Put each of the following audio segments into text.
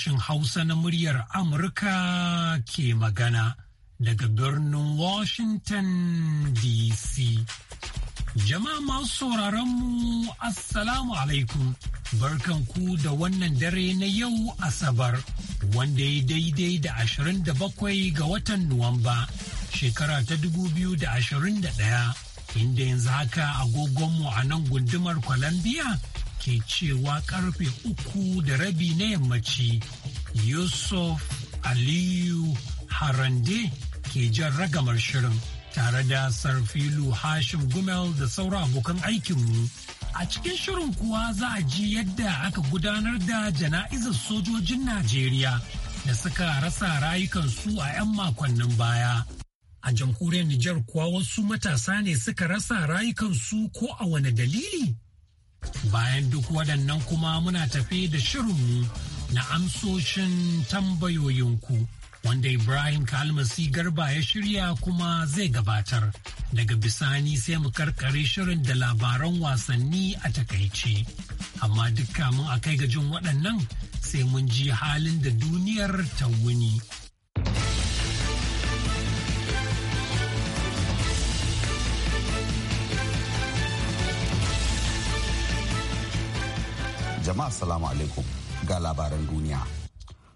sashen Hausa na muryar Amurka ke magana daga birnin Washington DC. Jama'a masu sauraronmu Assalamu alaikum, barkanku da wannan dare na yau Asabar, wanda ya daidai da 27 ga watan Nuwamba, shekara ta 2021, inda yanzu haka agogonmu a nan gundumar Colombia ke cewa karfe uku da rabi na yammaci yusuf aliyu harande ke jan ragamar shirin tare da sarfilu hashim gumel da sauran abokan aikinmu a cikin shirin kuwa za a ji yadda aka gudanar da jana'izar sojojin najeriya da suka rasa rayukansu a 'yan makonnin baya a jamhuriyar nijar kuwa wasu matasa ne suka rasa rayukansu ko a wani dalili Bayan duk waɗannan kuma muna tafe da shirinmu na amsoshin tambayoyinku wanda Ibrahim Kalmasi Garba ya shirya kuma zai gabatar. Daga bisani sai mu karkare shirin da labaran wasanni a takaice. Amma duk kamun a kai gajin waɗannan sai mun ji halin da duniyar ta wuni. Jama'a salamu alaikum ga labaran duniya.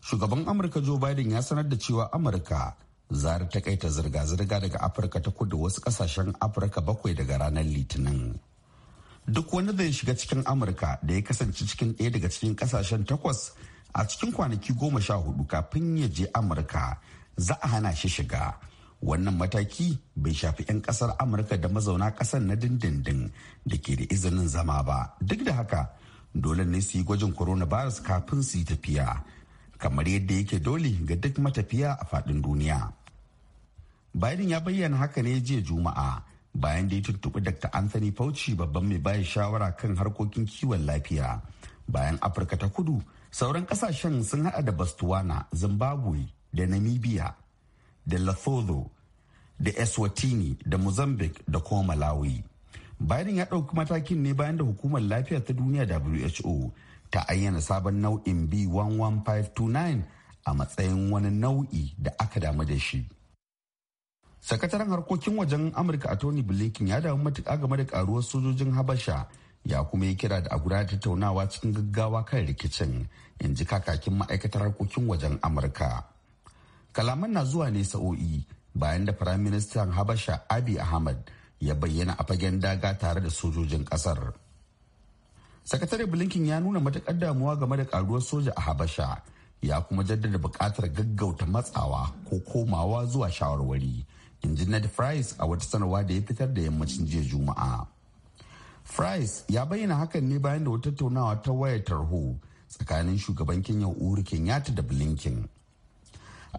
Shugaban Amurka Joe Biden ya sanar da cewa Amurka za ta kaita zirga-zirga daga Afirka ta kudu wasu kasashen Afirka bakwai daga ranar Litinin. Duk wani zai shiga cikin Amurka da ya kasance cikin ɗaya daga cikin kasashen takwas a cikin kwanaki goma sha hudu kafin ya je Amurka za a hana shi shiga. wannan mataki bai shafi 'yan kasar amurka da mazauna kasar na dindindin da ke da izinin zama ba duk da haka dole ne su yi gwajin coronavirus kafin su yi tafiya kamar yadda yake dole ga duk matafiya a faɗin duniya. Biden ya bayyana haka ne jiya Juma'a bayan da ya tuntuɓi Dr. Anthony Fauci babban mai bayan shawara kan harkokin kiwon lafiya. Bayan Afirka ta kudu, sauran kasashen sun hada da Botswana, Zimbabwe da Namibia da Lesotho da Eswatini da Mozambique da kuma Malawi. Biden ya ɗauki matakin ne bayan da hukumar lafiya ta duniya WHO ta ayyana sabon nau'in B11529 a matsayin wani nau'i da aka damu da shi. Sakataren harkokin wajen Amurka a Tony Blinken ya damu matuƙa game da karuwar sojojin Habasha ya kuma yi kira da a gudanar tattaunawa cikin gaggawa kan rikicin in ji kakakin ma'aikatar harkokin wajen Amurka. Kalaman na zuwa ne sa'o'i bayan da Firaministan Habasha Abiy Ahmad ya bayyana a fagen daga tare da sojojin kasar sakatare blinken ya nuna matakar damuwa game da karuwar soja a habasha ya kuma jaddada bukatar gaggauta matsawa ko komawa zuwa shawarwari in ji ned price a wata sanarwa da ya fitar da yammacin jiya juma'a price ya bayyana hakan ne bayan da wata tattaunawa ta wayar tarho tsakanin shugaban kenya uhuru kenyatta da blinken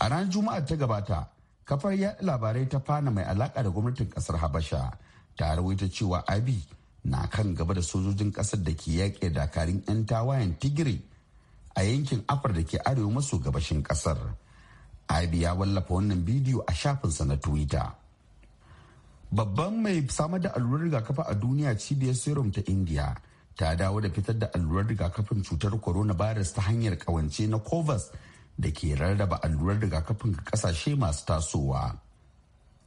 a ranar juma'a ta gabata kafar yaɗa labarai ta fana mai alaƙa da gwamnatin ƙasar habasha ta rawaita cewa abi na kan gaba da sojojin ƙasar da ke yaƙe dakarun 'yan tawayen tigiri a yankin afar da ke arewa maso gabashin ƙasar abi ya wallafa wannan bidiyo a shafinsa na twitter babban mai samar da allurar rigakafi a duniya cibiyar serum ta Indiya ta dawo da fitar da allurar rigakafin cutar coronavirus ta hanyar kawance na covax da ke rarraba allurar rigakafin ga kasashe masu tasowa.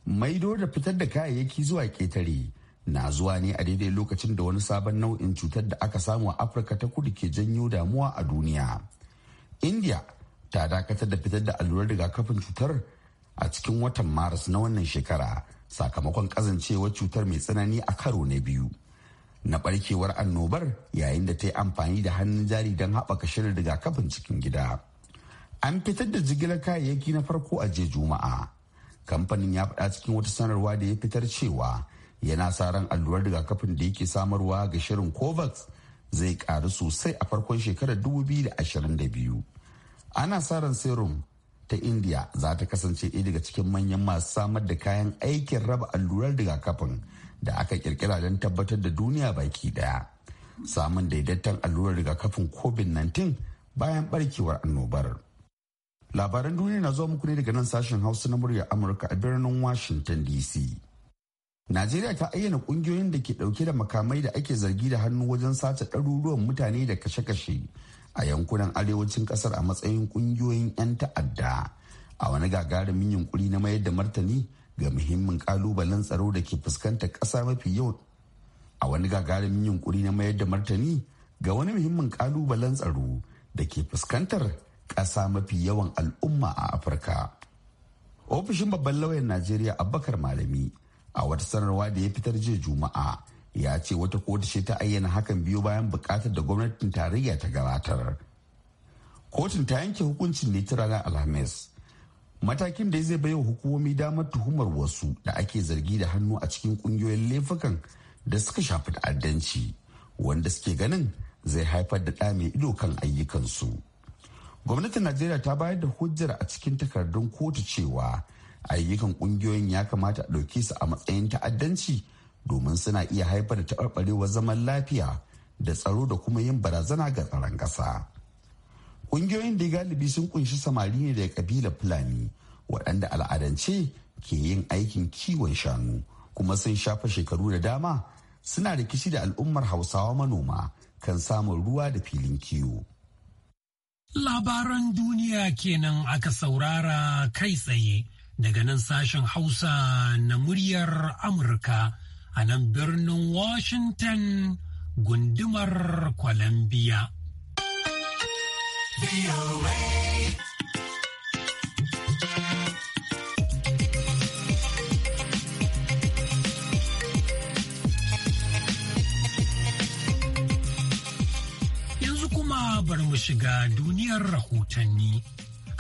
Maido da fitar da kayayyaki zuwa ketare na zuwa ne a daidai lokacin da wani sabon nau'in cutar da aka samu a Afirka ta kudu ke janyo damuwa a duniya. India ta dakatar da fitar da allurar rigakafin cutar a cikin watan Maris na wannan shekara sakamakon kazancewar cutar mai tsanani a karo na biyu. na barkewar annobar yayin da ta yi amfani da hannun jari don haɓaka shirin rigakafin cikin gida. an fitar da jigilar kayayyaki na farko a jiya juma'a kamfanin ya faɗa cikin wata sanarwa da ya fitar cewa yana sa ran allurar rigakafin da yake samarwa ga shirin covax zai ƙaru sosai a farkon shekarar da ashirin biyu. ana sa ran serum ta india za ta kasance ɗaya daga cikin manyan masu samar da kayan aikin raba allurar rigakafin da aka kirkira don tabbatar da duniya baki daya samun daidaiton allurar rigakafin covid-19 bayan barkewar annobar. Labaran duniya na zuwa muku ne daga nan sashen Hausa na muryar Amurka a birnin Washington DC. Najeriya ta ayyana kungiyoyin da ke dauke da makamai da ake zargi da hannu wajen sace ɗaruruwan mutane da kashe-kashe a yankunan arewacin kasar a matsayin kungiyoyin 'yan ta'adda a wani gagarumin yunkuri na mayar da martani ga muhimmin kalubalen tsaro da ke fuskantar ƙasa mafi yau a wani gagarumin yunkuri na mayar da martani ga wani muhimmin kalubalen tsaro da ke fuskantar ƙasa mafi yawan al'umma a afirka ofishin babban lauyan najeriya abubakar malami a wata sanarwa da ya fitar jiya juma'a ya ce wata kotu ce ta ayyana hakan biyu bayan bukatar da gwamnatin tarayya ta gabatar kotun ta yanke hukuncin ne ta ranar alhamis matakin da zai baiwa hukumomi damar tuhumar wasu da ake zargi da hannu a cikin kungiyoyin laifukan da suka shafi ta'addanci wanda suke ganin zai haifar da ɗa mai ido kan ayyukansu gwamnatin najeriya ta bayar da hujjar a cikin takardun kotu cewa ayyukan kungiyoyin ya kamata a ɗauke su a matsayin ta'addanci domin suna iya haifar da taɓarɓarewar zaman lafiya da tsaro da kuma yin barazana ga tsaron ƙasa kungiyoyin da ya galibi sun kunshi samari ne daga kabilar fulani waɗanda al'adance ke yin aikin kiwon shanu kuma sun shafa shekaru da dama suna rikici da al'ummar hausawa manoma kan samun ruwa da filin kiwo Labaran duniya kenan aka saurara kai tsaye daga nan sashen Hausa na muryar Amurka a nan birnin Washington gundumar Columbia. shiga duniyar rahotanni.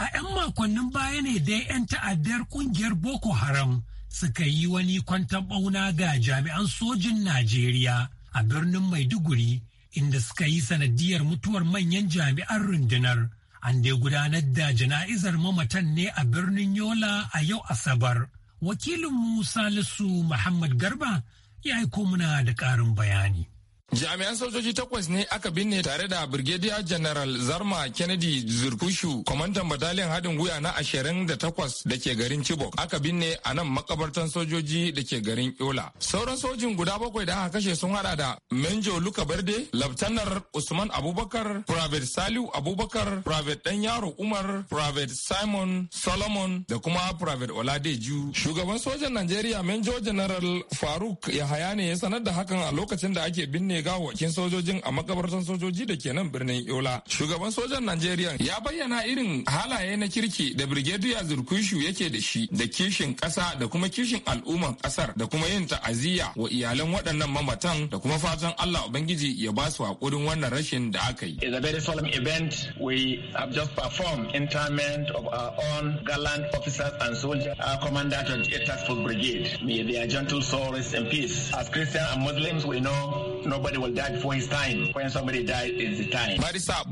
A 'yan makonnin baya ne dai 'yan ta'addar ƙungiyar Boko Haram suka yi wani kwantan ɓauna ga jami'an sojin Najeriya a birnin Maiduguri inda suka yi sanadiyar mutuwar manyan jami'an rundunar. An dai gudanar da jana'izar mamatan ne a birnin Yola a yau Asabar. Wakilin Musa Salisu Muhammad Garba ya aiko muna da ƙarin bayani. Jami'an sojoji takwas ne aka binne tare da Brigadier General Zarma Kennedy Zurkushu, kwamandan batalin haɗin gwiwa na ashirin da takwas da ke garin Chibok. Aka binne a nan makabartan sojoji da ke garin Yola. Sauran sojin guda bakwai da aka kashe sun hada da Menjo Luka Berde, Laftanar Usman Abubakar, Private Saliu Abubakar, Private Dan Yaro Umar, Private Simon Solomon da kuma Private Oladeju. Shugaban sojan Najeriya Menjo General Faruk Yahaya ne ya sanar da hakan a lokacin da ake binne binne gawakin sojojin a makabartan sojoji da ke nan birnin Yola. Shugaban sojan Najeriya ya bayyana irin halaye na kirki da birgediya Zurkushu yake da shi da kishin ƙasa da kuma kishin al'umman ƙasar da kuma yin ta'aziyya wa iyalan waɗannan mamatan da kuma fatan Allah Ubangiji ya ba su haƙurin wannan rashin da aka yi. It's a very solemn event we have just performed interment of our own gallant officers and soldiers, our commander 28 Task Force Brigade. May their gentle souls in peace. As Christians and Muslims, we know nobody somebody will die before his time. When somebody dies, it's the time. Barista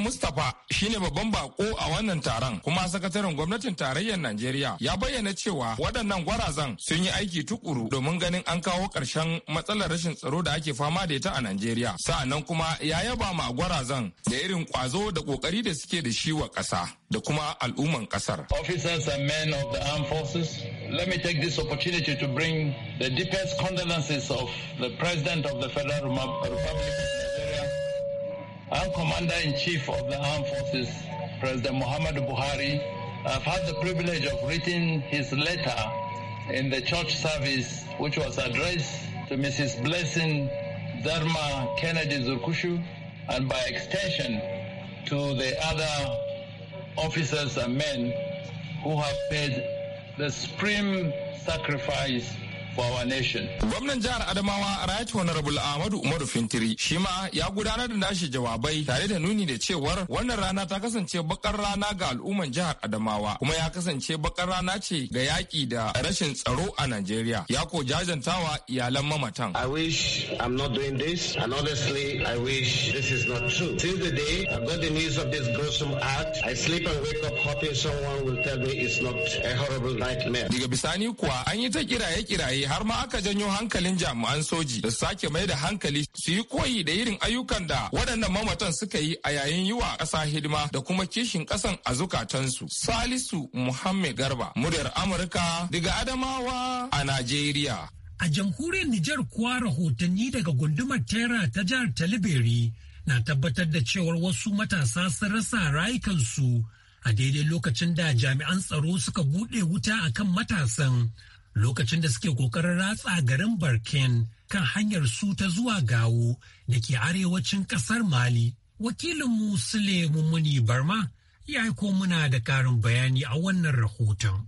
Mustapha shine babban bako a wannan taron kuma sakataren gwamnatin tarayyar Najeriya ya bayyana cewa waɗannan gwarazan sun yi aiki tukuru domin ganin an kawo ƙarshen matsalar rashin tsaro da ake fama da ita a Najeriya. Sa'annan kuma ya yaba ma gwarazan da irin kwazo da ƙoƙari da suke da shi wa ƙasa. da kuma al'umman kasar. Officers and men of the armed forces, let me take this opportunity to bring the deepest condolences of the President of the Federal Republic of Nigeria and Commander-in-Chief of the Armed Forces, President Muhammadu Buhari. I've had the privilege of reading his letter in the church service which was addressed to Mrs. Blessing Dharma Kennedy Zurkushu and by extension to the other officers and men who have paid the supreme sacrifice for our nation. Gwamnan jihar Adamawa Right Honorable Ahmadu Umaru Fintiri shi ma ya gudanar da nashi jawabai tare da nuni da cewar wannan rana ta kasance bakar rana ga al'umman jihar Adamawa kuma ya kasance bakar rana ce ga yaƙi da rashin tsaro a Najeriya. Ya ko jajantawa iyalan mamatan. I wish I'm not doing this and honestly I wish this is not true. Till the day I got the news of this gruesome act, I sleep and wake up hoping someone will tell me it's not a horrible nightmare. Diga bisani kuwa an yi ta kiraye-kiraye yi har ma aka janyo hankalin jami'an soji da sake mai da hankali su yi koyi da irin ayyukan da waɗannan mamatan suka yi a yayin yi ƙasa hidima da kuma kishin ƙasan a zukatansu. Salisu Muhammad Garba, muryar Amurka daga Adamawa a Najeriya. A jamhuriyar Nijar kuwa rahotanni daga gundumar Tera ta jihar Taliberi na tabbatar da cewar wasu matasa sun rasa rayukansu a daidai lokacin da jami'an tsaro suka buɗe wuta akan matasan lokacin da suke kokarin ratsa garin Barkin kan hanyar su ta zuwa Gawo da ke arewacin kasar Mali. Wakilin Sule Muni Barma ya aiko muna da karin bayani a wannan rahoton.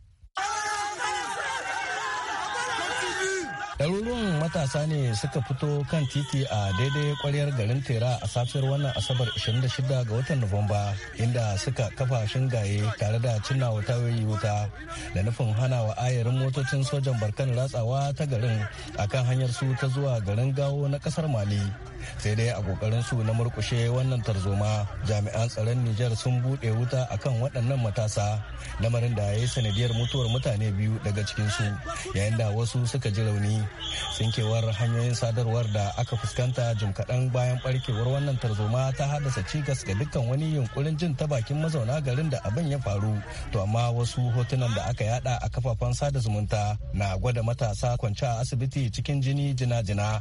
Ɗaruruwan matasa ne suka fito kan titi a daidai kwaryar garin Tera a safiyar wannan Asabar 26 ga watan Nuwamba inda suka kafa shingaye tare da cinna wata wuta da nufin hana wa ayarin motocin sojan barkan ratsawa ta garin akan hanyar su ta zuwa garin gawo na kasar Mali. Sai dai a kokarin su na murkushe wannan tarzoma jami'an tsaron Nijar sun buɗe wuta akan waɗannan matasa lamarin da ya yi sanadiyar mutuwar mutane biyu daga cikin cikinsu yayin da wasu suka ji rauni. sinkewar hanyoyin sadarwar da aka fuskanta jim kaɗan bayan barkewar wannan tarzoma ta haddasa cikas ga dukkan wani yunkurin jin ta bakin mazauna garin da abin ya faru to amma wasu hotunan da aka yada a kafafen sada zumunta na gwada matasa kwance a asibiti cikin jini jina-jina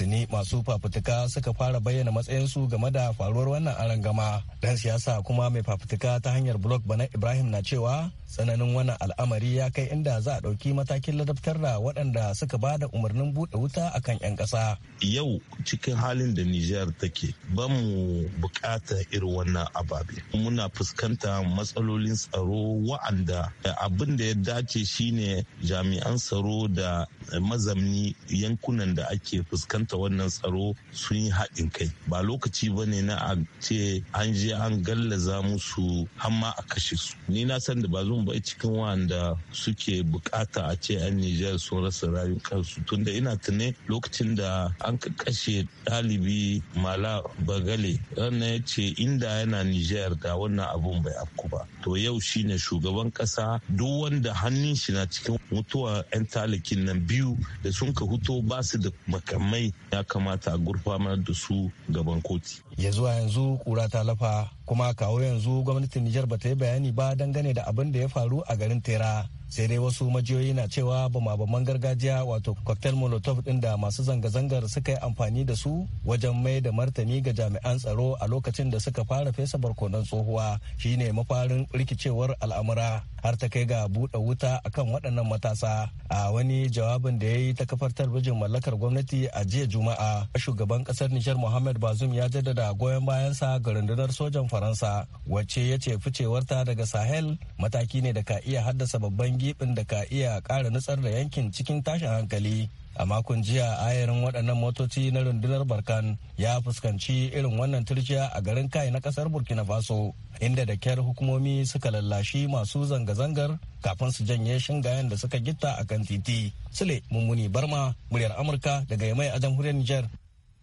tuni masu fafutuka suka fara bayyana matsayinsu game da faruwar wannan arangama dan siyasa kuma mai fafutuka ta hanyar blog bana ibrahim na cewa tsananin wannan al'amari ya kai inda za a ɗauki matakin ladabtar da waɗanda suka ba da umarnin buɗe wuta a kan 'yan ƙasa. Yau cikin halin da Nijar take ba mu buƙata irin wannan ababe. Muna fuskanta matsalolin tsaro wa'anda abin da ya dace shine jami'an tsaro da mazamni yankunan da ake fuskanta wannan tsaro sun yi haɗin kai. Ba lokaci ba ne na a ce an je an gallaza musu hamma a kashe su. Ni na san da ba zo mu bai cikin wanda suke bukata a ce 'yan Nijar sun rasa rayukansu tunda ina tune lokacin da an kashe ɗalibi Mala Bagale wannan ya ce inda yana Nijar da wannan abun bai afku ba. To yau shine shugaban ƙasa duk wanda hannun shi na cikin mutuwa 'yan talikin nan biyu da sun ka huto ba su da makamai ya kamata a gurfamar da su gaban koti. Ya zuwa yanzu kura ta lafa kuma kawo yanzu gwamnatin Nijar ba ta yi bayani ba dangane da abin da ya faru a garin Tera sai dai wasu majiyoyi na cewa bama-baman gargajiya wato cocktail molotov din da masu zanga-zangar suka yi amfani da su wajen mai da martani ga jami'an tsaro a lokacin da suka fara fesa barkonan tsohuwa shine mafarin rikicewar al'amura har ta kai ga buɗe wuta akan waɗannan matasa a wani jawabin da ya yi ta kafar talbijin mallakar gwamnati a jiya juma'a shugaban ƙasar nijar mohammed bazum ya jaddada goyon bayansa ga rundunar sojan faransa wacce ya ce ficewarta daga sahel mataki ne da ka iya haddasa babban gibin da ka iya ƙara nutsar da yankin cikin tashin hankali a makon jiya ayarin waɗannan motoci na rundunar barkan ya fuskanci irin wannan turjiya a garin kai na ƙasar burkina faso inda da kyar hukumomi suka lallashi masu zanga-zangar kafin su janye shingayen da suka gita a kan titi sule mummuni barma muryar amurka daga yamai a jamhuriyar niger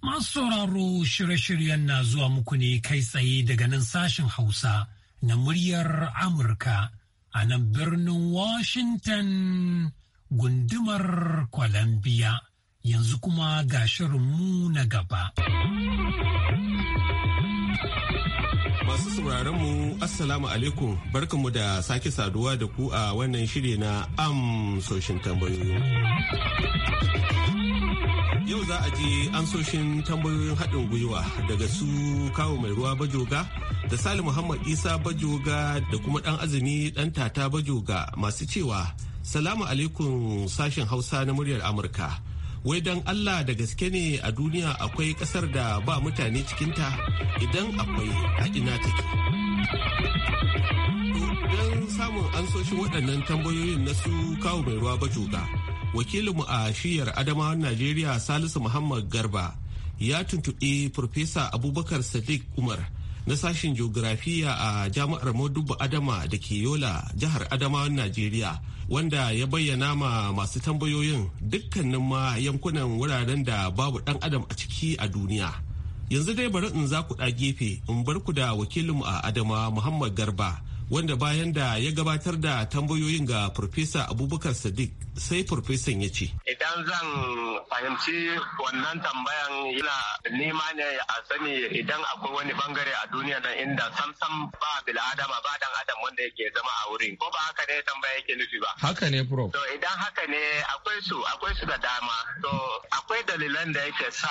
masu sauraro shirye-shiryen na zuwa muku ne kai tsaye daga nan sashen hausa na muryar amurka a nan birnin Washington gundumar Columbia. Yanzu kuma ga mu na gaba. Masu sauraron mu Assalamu alaikum barkanmu da sake saduwa da ku a wannan shiri na amsoshin tambayoyi. yau za a je amsoshin tambayoyin haɗin gwiwa daga su kawo mai ruwa bajoga da sali muhammad isa bajoga da kuma ɗan azumi ɗan tata bajoga masu cewa salamu alaikum sashen hausa na muryar amurka wai don allah da gaske ne a duniya akwai ƙasar da ba mutane cikinta idan akwai a ina take don samun ansoshin waɗannan tambayoyin na su kawo mai ruwa bajoga wakilinmu a shiyar adamawan najeriya salisu muhammad garba ya tuntuɓi Profesa abubakar sadiq umar na sashen geografiya a jami'ar Maduba adama da ke yola jihar adamawan najeriya wanda ya bayyana ma masu tambayoyin dukkanin ma yankunan wuraren da babu dan adam a ciki a duniya yanzu dai bari in za ku ɗa gefe in bar ku da wakilinmu a adama muhammad garba wanda bayan da ya gabatar da tambayoyin ga Farfesa Abubakar Sadiq sai Farfesan ya ce. Idan zan fahimci wannan tambayan yana nema ne a sani idan akwai wani bangare a duniya nan inda samsam ba bil'adama ba dan adam wanda yake zama a wurin ko ba haka ne tambaya yake nufi ba. Haka ne bro. To idan haka ne akwai su akwai su da dama. To akwai dalilan da yake sa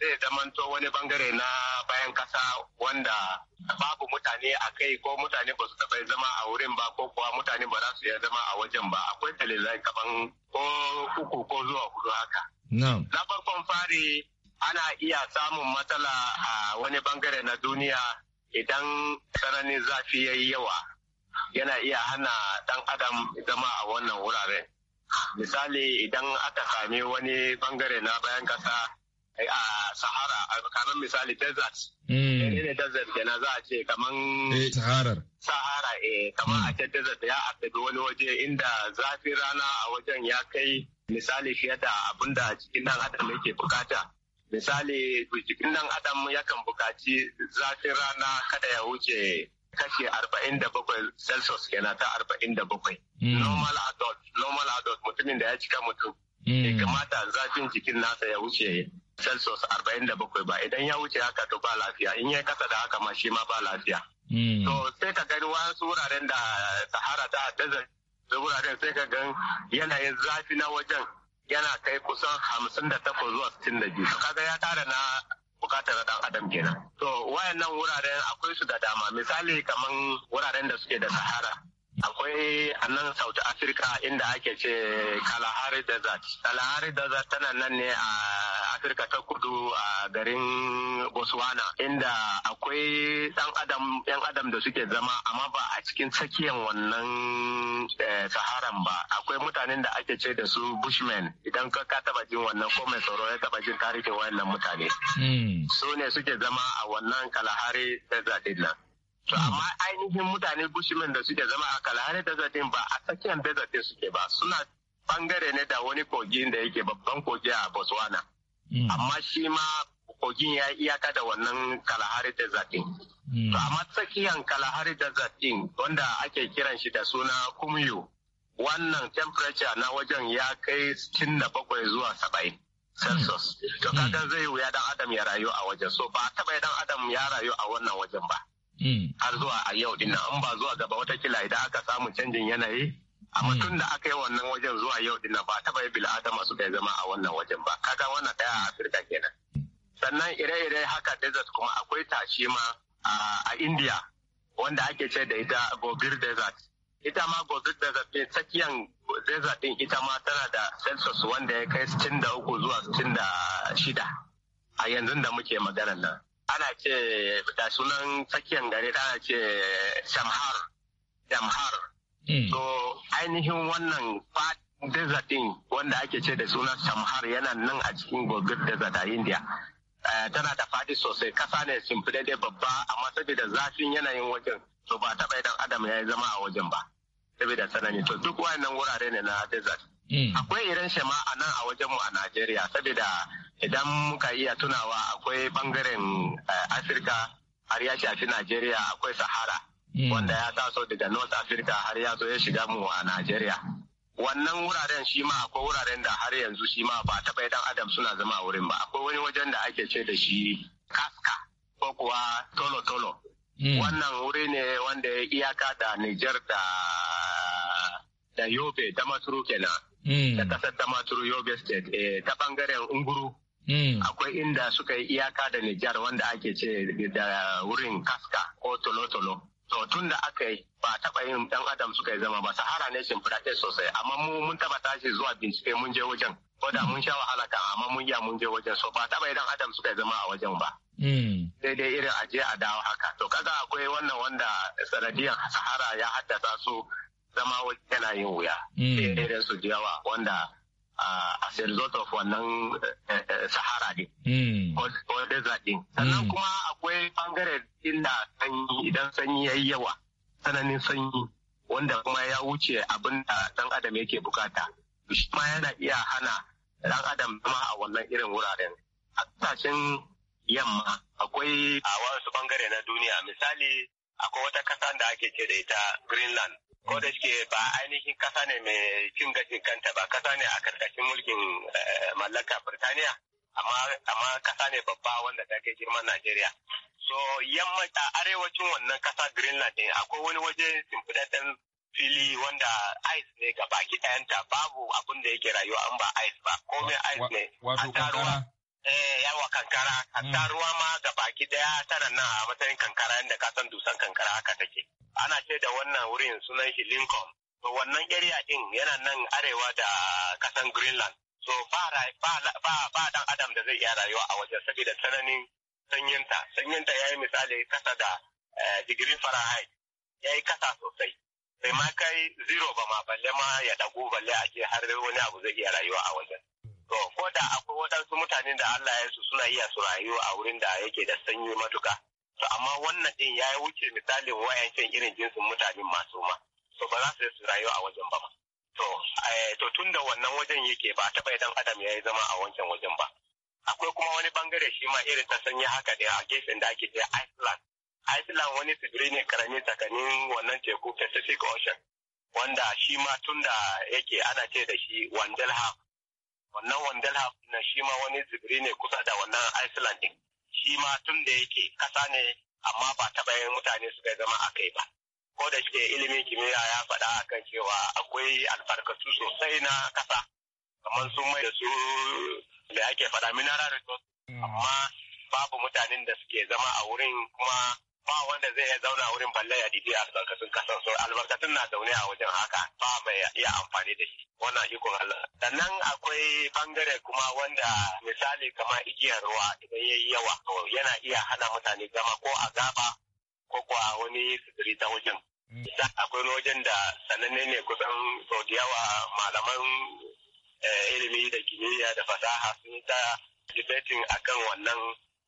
zai zamanto wani bangare na bayan kasa wanda babu mutane a kai ko mutane ba su taɓa zama a wurin ba ko kuwa mutane ba za su iya zama a wajen ba akwai dalilai kaman ko uku ko zuwa hudu haka. Na farkon fari ana iya samun matsala a wani bangare na duniya idan tsananin zafi ya yi yawa yana iya hana ɗan adam zama a wannan wuraren. Misali idan aka sami wani bangare na bayan kasa Eh, a sahara a kamar misali desert hmm. eh, ne desert ke za a ce kamar eh, sahara sahara eh kamar a hmm. ce desert ya addabi wani waje inda zafin rana a wajen ya kai misali fiye da abin da jikin dan adam yake bukata misali cikin nan adam yakan bukaci zafin rana kada ya wuce kashi 47 celsius kenan ta 47 hmm. normal adult normal adult mutumin da ya cika mutum ya kamata zafin jikin nasa ya wuce celsius arba'in da bakwai ba idan ya wuce haka to ba lafiya in ya kasa da haka ma shi ma ba lafiya. Hmm. To sai ka gani wasu wuraren da sahara ta haddaza da wuraren sai ka gan yanayin zafi na wajen yana kai kusan hamsin da takwas zuwa sittin da biyu. Kaga ya tara na bukatar dan adam kenan. To wayannan wuraren akwai su da dama misali kamar wuraren da suke da sahara. akwai a nan south africa inda ake ce kalahari desert kalahari desert tana nan ne a afirka ta kudu a garin botswana inda akwai dan adam yan adam da suke zama amma ba a cikin tsakiyar wannan eh, saharan ba akwai mutanen da ake ce da su bushmen idan ka ka taba jin wannan ko mai tsoro ya taba jin tarihin wannan mutane hmm. su ne suke zama a wannan kalahari desert din nan To amma ainihin mutane bushimin da suke zama a kalahari desert ba a tsakiyar desert suke ba suna bangare ne da wani kogin da yake babban kogi a Botswana. Hmm. Amma shi ma kogin ya iyaka da wannan kalahari desert din. Hmm. To amma tsakiyar kalahari desert din wanda ake kiran shi da suna kumyo wannan temperature na wajen ya kai bakwai zuwa 70. Celsius. Hmm. To kaga zai wuya dan Adam ya rayu a wajen. So ba taba dan Adam ya rayu a wannan wajen ba. Mm. har zuwa a yau din an ba zuwa gaba wata kila idan aka samu canjin yanayi amma mm. tun da aka yi wannan wajen zuwa yau din ba taba yi bil'adama su bai zama a wannan wajen ba kaga wannan daya a afirka kenan sannan ire-ire haka desert kuma akwai tashi ma a india wanda ake ce da ita gobir desert ita ma gobir desert ne tsakiyan desert din ita ma tana da celsius wanda ya kai 63 zuwa 66 a yanzu da muke magana nan ana ce da sunan tsakiyar gari ana ce shamhar shamhar hmm. so ainihin wannan desert din wanda ake ce da sunan shamhar yana nan a cikin gogir desert a india eh, tana da fadi sosai kasa ne da babba amma saboda zafin yanayin wajen to ba taba idan adam ya yi zama a wajen ba saboda tsanani to duk wayannan wurare ne na desert Mm. Akwai irin shema a nan a wajenmu a Najeriya, saboda idan muka iya tunawa akwai bangaren eh, Afirka har ya shafi Najeriya akwai Sahara, mm. wanda ya taso daga North Africa har ya zo ya shiga mu a Najeriya. Wannan wuraren shi ma akwai wuraren da har yanzu shi ma ba taɓa idan adam suna zama a wurin ba. Akwai wani wajen da ake ce da shi kaska ko kuwa tolo-tolo. Mm. Wannan wuri ne wanda ya iyaka da Nijar da da Yobe hmm. da Maturu kenan. Da kasar da Maturu Yobe State eh, ta bangaren Unguru. Hmm. Akwai inda suka yi iyaka da Nijar wanda ake ce da wurin kaska ko tolotolo. To tun da aka yi ba taɓa yin ɗan adam suka yi zama ba sahara ne shimfiɗaɗɗe sosai amma mu mun taɓa tashi zuwa bincike mun je wajen. Ko da mun sha wahala kan amma mun iya mun je wajen so ba taɓa yi ɗan adam suka zama a wajen ba. daidai hmm. irin aje a dawo haka to kaga akwai wannan wanda sanadiyar sahara ya haddasa su zama yana yin wuya mm. irin su da yawa wanda a result of wannan eh, eh, eh, sahara din ko mm. desert din sannan mm. kuma akwai bangare inda sanyi idan sanyi ya yi yawa tsananin sanyi wanda kuma ya wuce abin da ɗan adam yake bukata shi ma yana iya hana ɗan adam zama a wannan irin wuraren a kasashen yamma akwai a wasu bangare na duniya misali akwai wata kasa da ake ce da ita greenland ko da ke ba ainihin kasa ne mai cin gashin kanta ba kasa ne a karkashin mulkin eh, mallaka Birtaniya amma kasa ne babba wanda ta kai girman Najeriya. So yamma a arewacin wannan kasa Greenland ne akwai wani waje simfudaden fili wanda ice ne ga baki ɗayanta babu abin da yake rayuwa an ba ice ba komai ice ne. Wato Eh, yawa kankara hmm. ruwa ma ga baki daya tana nan a matsayin kankara inda ka san dusan kankara haka take ana ce da wannan wurin sunan shi lincoln to wannan area din yana nan arewa da kasan greenland so ba ba dan adam da zai iya rayuwa a wajen saboda tsananin sanyinta sanyinta ya yi misali kasa da eh, digirin fahrenheit ya yi kasa sosai sai ma kai zero ba ma balle ma ya dagu balle a ce har wani abu zai iya rayuwa a wajen To, ko da akwai waɗansu mutanen da Allah ya su suna iya su rayuwa a wurin da yake da sanyi matuka. To, amma wannan ɗin ya wuce misalin wayancin irin jinsin mutanen masu ma. To, ba za su su rayuwa a wajen ba. To, eh, to tun da wannan wajen yake ba taɓa idan Adam ya yi zama a wancan wajen ba. Akwai kuma wani bangare shi ma irin ta sanyi haka da a gefen da ake da Iceland. Iceland wani tsibiri ne karami tsakanin wannan teku Pacific Ocean. Wanda shi ma tun da yake ana ce da shi Wandelham. wannan wandel na shi ma wani zibiri ne kusa da wannan iceland din shi ma tun da yake kasa ne amma ba taɓa yin mutane suka zama a kai ba ko da shi ilimin kimiyya ya faɗa kan cewa akwai albarkatu sosai na kasa kamar sun mai da su da ake faɗa mineral resources mm. amma babu mutanen da suke zama a wurin kuma ba wanda zai iya zauna wurin balle ya didi albarkatun kasan su albarkatun na zaune a wajen haka ba mai iya amfani da shi wannan ikon Allah sannan akwai bangare kuma wanda misali kamar igiyar ruwa idan yayi yawa yana iya hana mutane zama ko a gaba ko kuwa wani sitiri ta wajen akwai wajen da sananne ne kusan sau da malaman eh, ilimi da kimiyya da fasaha sun ta debating akan wannan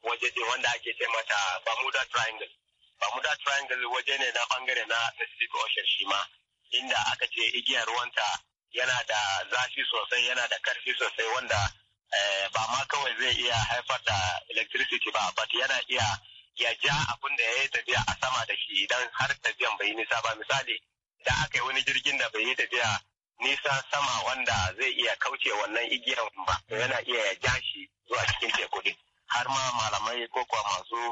waje wanda ake ce mata Bermuda Triangle Bermuda Triangle waje ne na bangare na Pacific Ocean shi ma inda aka ce igiyar ruwanta yana da zafi sosai yana da karfi sosai wanda eh, ba ma kawai zai iya haifar da electricity ba but yana iya ya ja abin da ya yi tafiya a sama da shi idan har tafiyan bai yi nisa ba misali da aka yi wani jirgin da bai yi tafiya nisa sama wanda zai iya kauce wannan igiyar ba yana iya ya ja shi zuwa cikin teku har ma malamai ko kuwa masu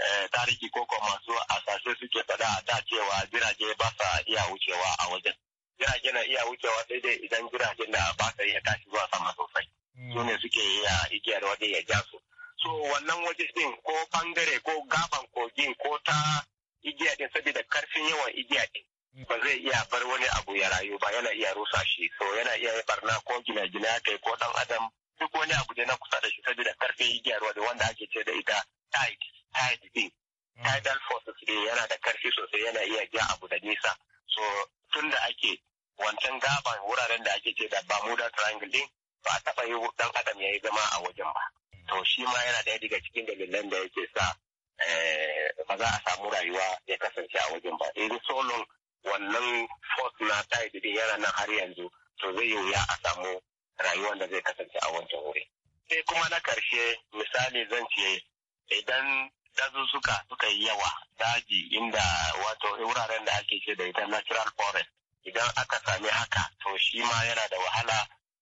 Eh, tarihi ko kuma masu asashe suke fada a da cewa jirage ba sa iya wucewa a wajen. Jirage na iya wucewa sai dai idan jiragen da ba sa iya tashi zuwa sama sosai. Hmm. Su ne suke iya da waje ya ja su. So wannan waje din ko bangare ko gaban kogin ko ta igiya din saboda karfin yawan igiya din. Hmm. ba zai iya bar wani abu ya rayu ba yana iya rusa shi so yana iya yi barna ko gina gine kai ko dan adam duk wani abu da na kusa da shi saboda igiya igiyar da wanda ake ce da ita tight tide din mm. tidal forces ne yana da karfi sosai yana iya ja abu da nisa so tun da ake wancan gaban wuraren da ake ce da Bermuda Triangle din ba a taba yi dan adam yi zama a wajen ba to shi ma yana daya daga cikin dalilan da yake sa eh, ba za a samu rayuwa ya kasance a wajen ba in so long wannan force na tide din yana nan har yanzu to zai yi wuya a samu rayuwar da zai kasance a wancan wuri sai kuma na karshe misali zan ce idan dazuzzuka suka yi yawa daji inda wato wuraren da ake ce da ita natural forest idan aka sami haka to shi ma yana da wahala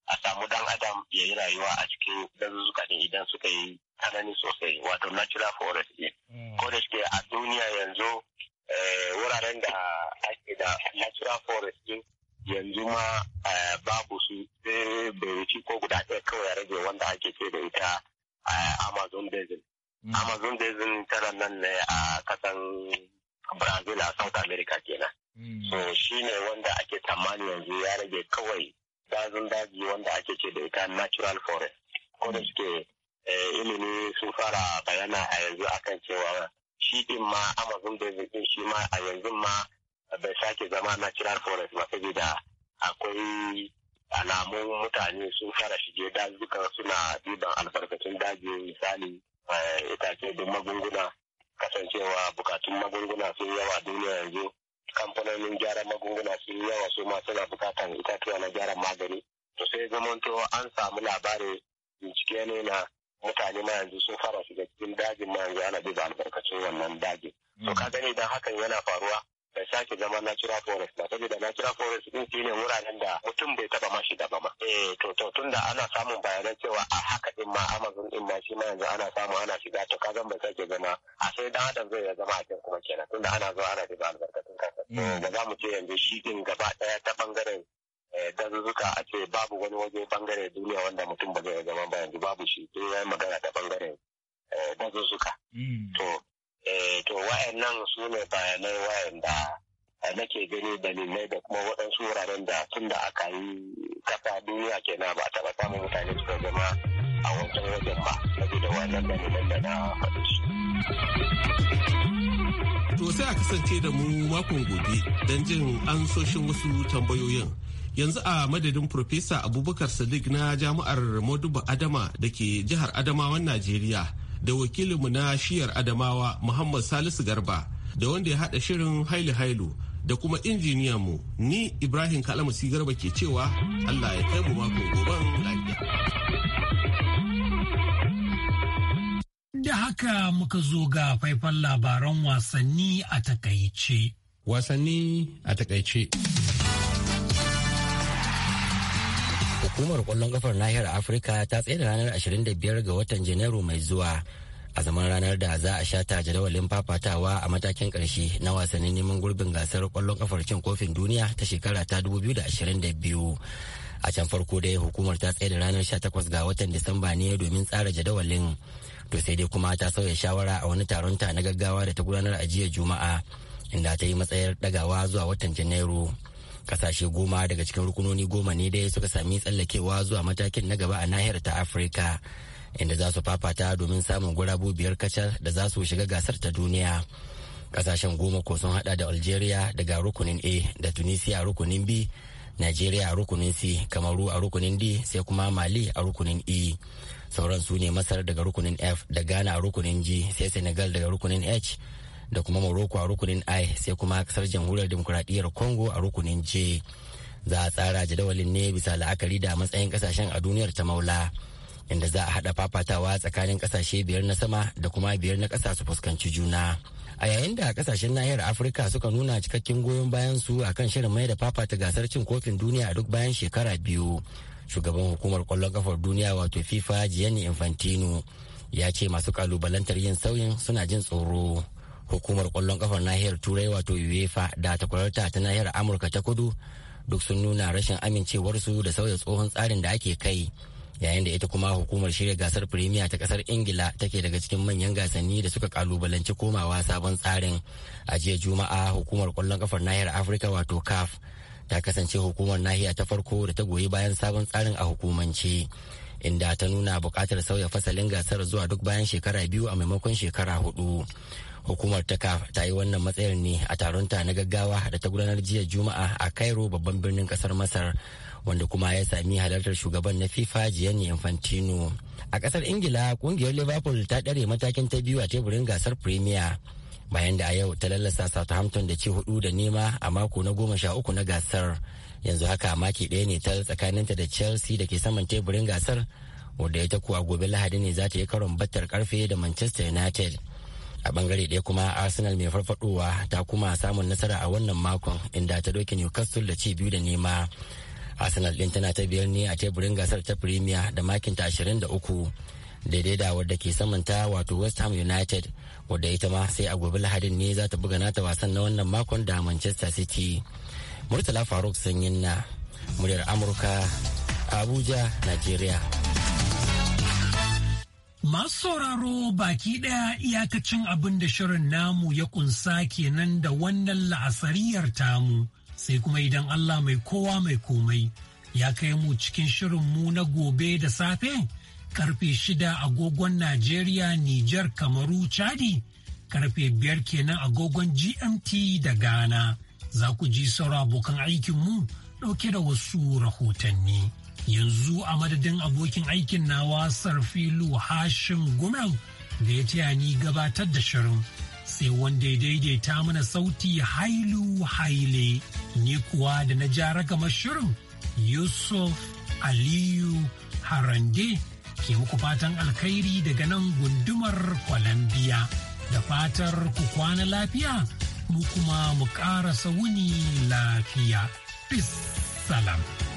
a samu dan adam ya yi rayuwa a cikin dazuzzuka ne idan suka yi tsanani sosai wato natural forest ne mm. ko da shi a duniya yanzu eh, wuraren da ake da natural forest ne yanzu ma eh, babu su sai bai ko guda ɗaya kawai rage wanda ake ce da ita eh, amazon basin Mm. amazon da basin tana nan ne a kasan brazil a south america kenan mm. so shi ne wanda ake tamani yanzu ya rage kawai dazin daji wanda ake ce da ita natural forest ko da suke eh, ilimi sun fara bayana a yanzu akan cewa shi din ma amazon basin din shi ma a yanzu ma bai sake zama natural forest ba saboda akwai alamun mutane sun fara shige dazukan suna diban albarkacin daji misali Eh, itace da magunguna kasancewa bukatun magunguna sun yawa duniya yanzu kamfanonin gyaran magunguna sun yawa su ma suna bukatan itatuwa na gyaran magani to sai zamanto an samu labarin bincike ne na mutane ma yanzu sun fara shiga cikin dajin ma yanzu ana duba albarkacin wannan dajin to ka gani dan hakan yana faruwa ya sake zama natural forest ba saboda natural forest din shine wuraren da mutum bai taba ma shiga ba ma eh to to tunda ana samun bayanan cewa a haka din ma amazon din ma shi ma yanzu ana samu ana shiga to kazan bai sake zama a sai dan adam zai ya zama a can kuma kenan tunda ana zuwa ana shiga albarkatun kasa hmm. eh, da za mu ce yanzu shi din gaba daya ta bangaren eh, dazuzzuka a ce babu wani waje bangare duniya wanda mutum ba zai zama ba yanzu babu shi sai ya magana ta bangaren eh, dazuzzuka hmm. to Eh, to wa'annan su ne bayanai wa'anda eh, nake gani dalilai da kuma waɗansu wuraren da tun da aka yi kafa duniya kenan ba a taɓa samun mutane su zama a wancan wajen ba saboda wannan dalilan da na faɗi su. To sai a kasance da mu makon gobe don jin an soshin wasu tambayoyin. Yanzu a madadin Profesa Abubakar Sadiq na Jami'ar Modubu Adama da ke jihar Adamawan Najeriya. da wakilinmu na shiyar adamawa muhammad salisu garba da wanda ya haɗa shirin hailu hailu da kuma mu ni ibrahim kalamusi garba ke cewa allah ya kai mu mako goben lafiya da haka muka zo ga faifan labaran wasanni a takaice wasanni a takaice hukumar kwallon kafar nahiyar afirka ta tsaye da ranar 25 ga watan janairu mai zuwa a zaman ranar da za a sha ta jadawalin fafatawa a matakin karshe na wasannin neman gurbin gasar kwallon kafar cin kofin duniya ta shekara ta 2022 a can farko dai hukumar ta tsaye da ranar 18 ga watan disamba ne domin tsara jadawalin to sai dai kuma ta sauya shawara a wani taron ta na gaggawa da ta gudanar a jiya juma'a inda ta yi matsayar dagawa zuwa watan janairu kasashe goma daga cikin rukunoni goma ne dai suka sami tsallakewa zuwa matakin na gaba a nahiyar ta afirka inda za su fafata domin samun gurabu biyar kacal da za su shiga gasar ta duniya kasashen goma ko sun hada da algeria daga rukunin a da tunisia rukunin b nigeria a rukunin c kamaru a rukunin d sai kuma mali a rukunin e sauran su ne masar daga rukunin f da ghana a rukunin g sai senegal daga rukunin h da kuma morocco a rukunin i sai kuma kasar jamhuriyar demokuraɗiyyar congo a rukunin j za a tsara jadawalin ne bisa la'akari da matsayin kasashen a duniyar ta maula inda za a haɗa fafatawa tsakanin kasashe biyar na sama da kuma biyar na kasa su fuskanci juna a yayin da kasashen nahiyar afirka suka nuna cikakken goyon bayan su akan shirin mai da fafata gasar cin kofin duniya a duk bayan shekara biyu shugaban hukumar kwallon kafar duniya wato fifa gianni infantino ya ce masu kalubalantar yin sauyin suna jin tsoro hukumar kwallon kafar nahiyar turai wato uefa da takwararta ta nahiyar amurka ta kudu duk sun nuna rashin amincewarsu da sauya tsohon tsarin da ake kai yayin da ita kuma hukumar shirya gasar premier ta kasar ingila take daga cikin manyan gasanni da suka kalubalanci komawa sabon tsarin a jiya juma'a hukumar kwallon kafar nahiyar afirka wato caf ta kasance hukumar nahiya ta farko da ta goyi bayan sabon tsarin a hukumance inda ta nuna bukatar sauya fasalin gasar zuwa duk bayan shekara biyu a maimakon shekara hudu hukumar ta kaf ta yi wannan matsayar ne a taron ta na gaggawa da ta gudanar jiya juma'a a cairo babban birnin kasar masar wanda kuma ya sami halartar shugaban na fifa gianni infantino a kasar ingila kungiyar liverpool ta ɗare matakin ta biyu a teburin gasar premier bayan da a yau ta lallasa Southampton da ci hudu da nema a mako na goma sha uku na gasar yanzu haka maki ɗaya ne ta tsakaninta da Chelsea da ke saman teburin gasar wadda ya ta kuwa gobe Lahadi ne za ta yi karon battar karfe da Manchester United a bangare ɗaya kuma arsenal mai farfadowa ta kuma samun nasara a wannan makon inda ta doke newcastle da ci biyu da nema arsenal ɗin tana ta biyar ne a teburin gasar ta premier da makinta 23 daidai da wadda ke samanta wato west ham united wadda ita ma sai a gobe lahadin ne za ta buga nata wasan na wannan makon da manchester city murtala faruk sanyin na muryar amurka abuja nigeria Masu sauraro baki ɗaya iyakacin abin da shirin namu ya kunsa kenan da wannan la'asariyar tamu, sai kuma idan Allah mai kowa mai komai ya kai mu cikin shirin mu na gobe da safe, karfe shida agogon Najeriya, Nijar, Kamaru, Chadi, karfe biyar kenan agogon GMT da Ghana. Za ku ji sauro abokan aikinmu ɗauke da wasu rahotanni. yanzu a madadin abokin aikin nawa sarfilu hashim gumel da ya taya ni gabatar da shirin sai wanda ya daidaita mana sauti hailu haile ni kuwa da na jara gama shirin yusuf aliyu harande ke muku fatan alkhairi daga nan gundumar Colombia da fatar ku kwana lafiya mu kuma mu ƙara wuni lafiya. Peace salam.